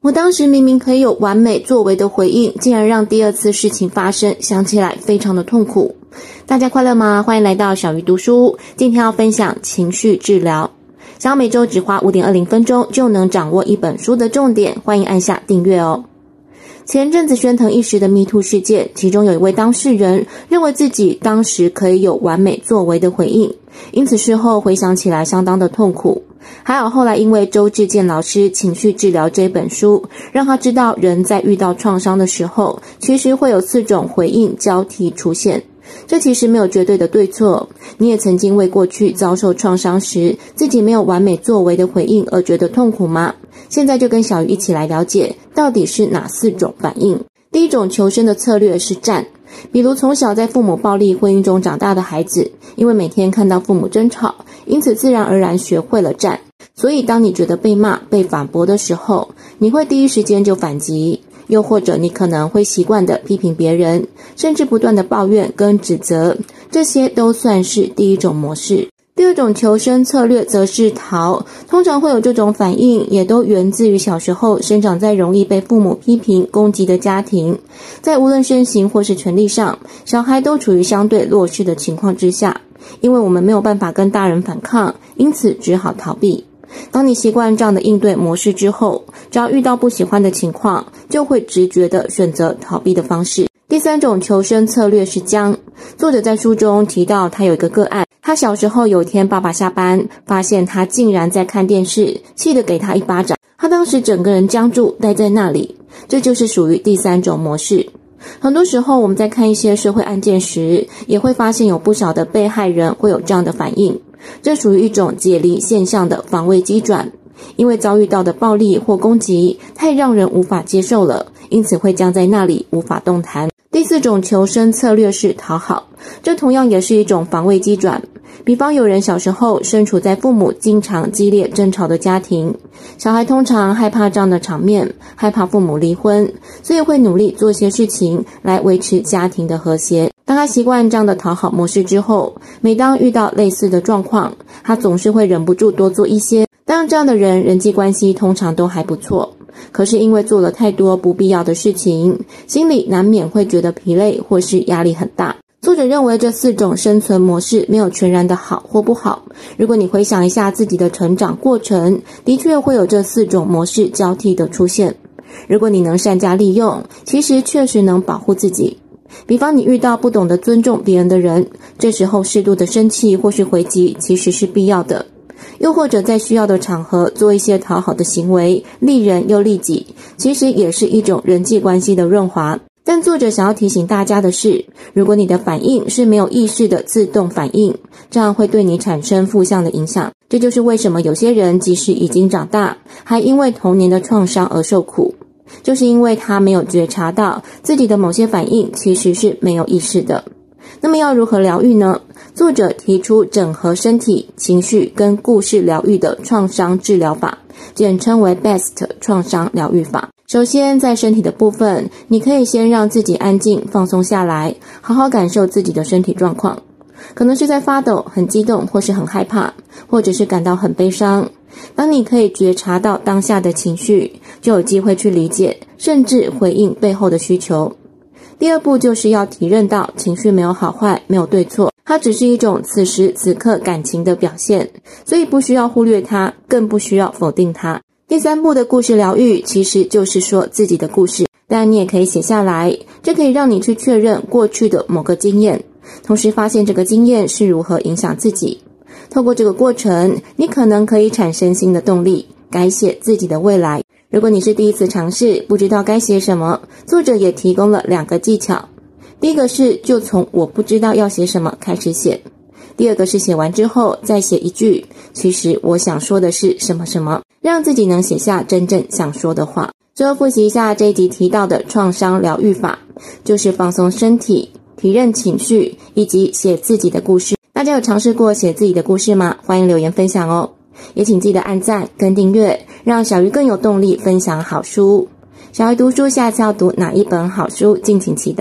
我當時明明可以有完美作為的回應，竟然讓第二次事情發生，想起來非常的痛苦。大家快樂嗎？歡迎來到小魚讀書。今天要分享情緒治療。想要每周只花五點二零分鐘就能掌握一本書的重點，歡迎按下訂閱哦。前陣子喧騰一時的 me too 事件，其中有一位當事人認為自己當時可以有完美作為的回應，因此事後回想起來相當的痛苦。還好後來，因為周志建老師《情緒治療》這本書，讓他知道人在遇到創傷的時候，其實會有四種回應交替出現。這其實沒有絕對的對錯。你也曾經為過去遭受創傷時自己沒有完美作為的回應而覺得痛苦嗎？現在就跟小魚一起來了解到底是哪四種反應。第一種求生的策略是戰。比如，從小在父母暴力婚姻中長大的孩子，因為每天看到父母爭吵，因此自然而然學會了戰。所以，當你覺得被罵、被反駁的時候，你會第一時間就反擊；又或者，你可能會習慣地批評別人，甚至不斷的抱怨跟指責。這些都算是第一種模式。第二種求生策略則是逃。通常會有這種反應，也都源自於小時候生長在容易被父母批評攻擊的家庭，在無論身形或是權力上，小孩都處於相對弱勢的情況之下，因為我們沒有辦法跟大人反抗，因此只好逃避。當你習慣這樣的應對模式之後，只要遇到不喜歡的情況，就會直覺的選擇逃避的方式。第三種求生策略是僵。作者在書中提到，他有一個個案。他小時候有一天，爸爸下班發現他竟然在看電視，氣得給他一巴掌。他當時整個人僵住，待在那裡。這就是屬於第三種模式。很多時候，我們在看一些社會案件時，也會發現有不少的被害人會有這樣的反應。這屬於一種解離現象的防衛機轉，因為遭遇到的暴力或攻擊太讓人無法接受了，因此會僵在那裡無法動彈。第四種求生策略是討好，這同樣也是一種防衛機轉。比方有人小時候身處在父母經常激烈爭吵的家庭，小孩通常害怕這樣的場面，害怕父母離婚，所以會努力做些事情來維持家庭的和諧。當他習慣這樣的討好模式之後，每當遇到類似的狀況，他總是會忍不住多做一些。但這樣的人人際關係通常都還不錯，可是因為做了太多不必要的事情，心裡難免會覺得疲累或是壓力很大。作者認為這四種生存模式沒有全然的好或不好。如果你回想一下自己的成長過程，的確會有這四種模式交替的出現。如果你能善加利用，其實確實能保護自己。比方你遇到不懂得尊重別人的人，這時候適度的生氣或是回擊其實是必要的。又或者在需要的場合做一些討好的行為，利人又利己，其實也是一種人際關係的潤滑。但作者想要提醒大家的是，如果你的反應是沒有意識的自動反應，這樣會對你產生負向的影響。這就是為什麼有些人即使已經長大，還因為童年的創傷而受苦，就是因為他沒有覺察到自己的某些反應其實是沒有意識的。那麼要如何療癒呢？作者提出整合身體、情緒跟故事療癒的創傷治療法，簡稱為 BEST 創傷療癒法。首先，在身體的部分，你可以先讓自己安靜、放鬆下來，好好感受自己的身體狀況，可能是在發抖、很激動，或是很害怕，或者是感到很悲傷。當你可以覺察到當下的情緒，就有機會去理解，甚至回應背後的需求。第二步就是要體認到情緒沒有好壞，沒有對錯，它只是一種此時此刻感情的表現，所以不需要忽略它，更不需要否定它。第三步的故事療癒，其實就是說自己的故事，當然你也可以寫下來，這可以讓你去確認過去的某個經驗，同時發現這個經驗是如何影響自己。透過這個過程，你可能可以產生新的動力，改寫自己的未來。如果你是第一次嘗試，不知道該寫什麼，作者也提供了兩個技巧：第一個是就從我不知道要寫什麼開始寫；第二個是寫完之後再寫一句，其實我想說的是什麼什麼。讓自己能寫下真正想說的話。最後複習一下這一集提到的創傷療癒法，就是放鬆身體、體認情緒以及寫自己的故事。大家有嘗試過寫自己的故事嗎？歡迎留言分享哦！也請記得按讚跟訂閱，讓小魚更有動力分享好書。小魚讀書下次要讀哪一本好書，敬請期待。